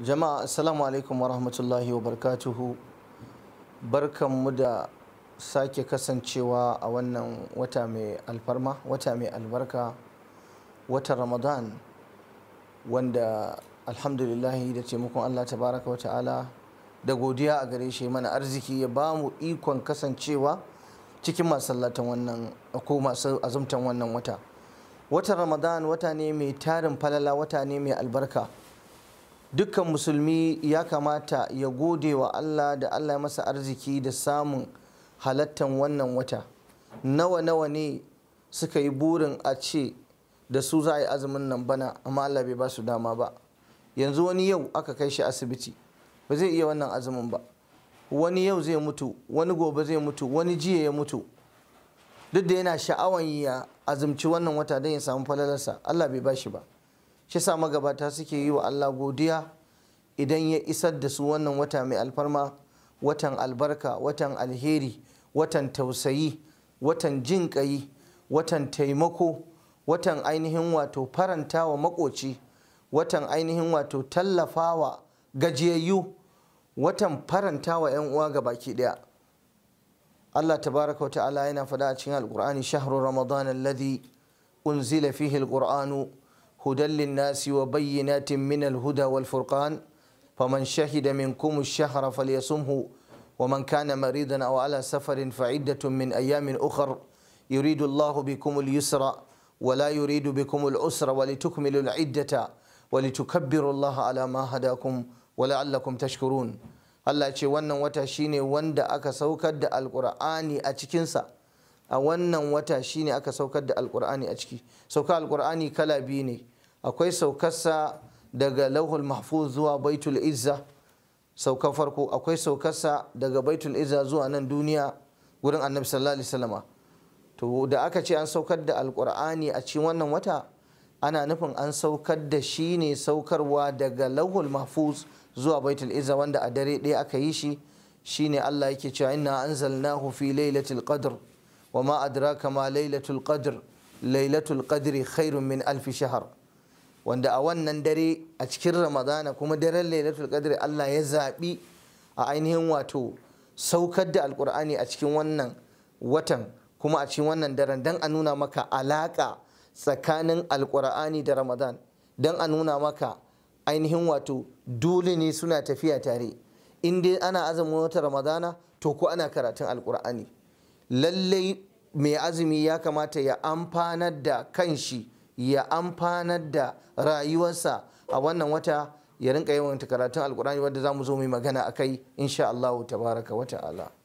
jama'a assalamu alaikum warahmatullahi wabarakatuhu barkanmu da sake kasancewa a wannan wata mai alfarma wata mai albarka wata ramadan wanda alhamdulillahi da taimakon allah tabaraka wa ta'ala da godiya a gare shi mana arziki ya ba mu ikon kasancewa cikin masallatan wannan ko masu azumtan wannan wata Watan ramadan wata ne mai tarin falala wata ne mai albarka dukkan musulmi ya kamata ya gode wa Allah da Allah ya masa arziki da samun halattan wannan wata nawa nawa ne suka yi burin a ce da su za a yi azumin nan bana amma Allah bai ba su dama ba yanzu wani yau aka kai shi asibiti ba zai iya wannan azumin ba wani yau zai mutu wani gobe zai mutu wani jiya ya mutu duk da yana sha'awan ya azumci wannan wata don ya samu falalarsa Allah bai ba shi ba shi sa magabata suke yi wa Allah godiya idan ya isar da su wannan wata mai alfarma watan albarka watan alheri watan tausayi watan jinƙayi watan taimako watan ainihin wato faranta wa makoci watan ainihin wato tallafawa gajiyayyu watan faranta wa 'yan uwa ga baki daya Allah tabaraka wa ta'ala yana faɗa a cikin alƙur'ani shahru ramadan alladhi unzila fihi alqur'anu هدى للناس وبينات من الهدى والفرقان فمن شهد منكم الشهر فليصمه ومن كان مريضا أو على سفر فعدة من أيام أخر يريد الله بكم اليسر ولا يريد بكم العسر ولتكملوا العدة ولتكبروا الله على ما هداكم ولعلكم تشكرون Allah ce wannan wata shine wanda aka saukar da alkur'ani a cikinsa a wannan wata shine aka saukar da alkur'ani a ciki sauka alkur'ani kala biyu ne akwai saukarsa daga lauhul mahfuz zuwa baitul izza saukan farko akwai saukarsa daga baitul izza zuwa nan duniya wurin annabi sallallahu alaihi wasallama to da aka ce an saukar da alkur'ani a cikin wannan wata ana nufin an saukar da shi ne saukarwa daga lauhul mahfuz zuwa baitul izza wanda a dare ɗaya aka yi shi shine Allah yake cewa inna anzalnahu fi lailatul qadr wa ma adraka ma lailatul qadr lailatul qadri khairun min alf shahr wanda a wannan dare a cikin ramadana kuma daren lailatul qadr Allah ya zaɓi a ainihin wato saukar da alkur'ani a cikin wannan watan kuma a cikin wannan daren don a nuna maka alaƙa tsakanin alkur'ani da ramadan don a nuna maka ainihin wato dole ne suna tafiya tare in dai ana azumin wata ramadana to ko ana karatun alkur'ani lallai mai azumi ya kamata ya amfanar da kanshi ya amfanar da rayuwarsa a wannan wata ya rinka yawan karatun alkurani wadda za mu zo mai magana a kai insha Allah tabaraka wa ta'ala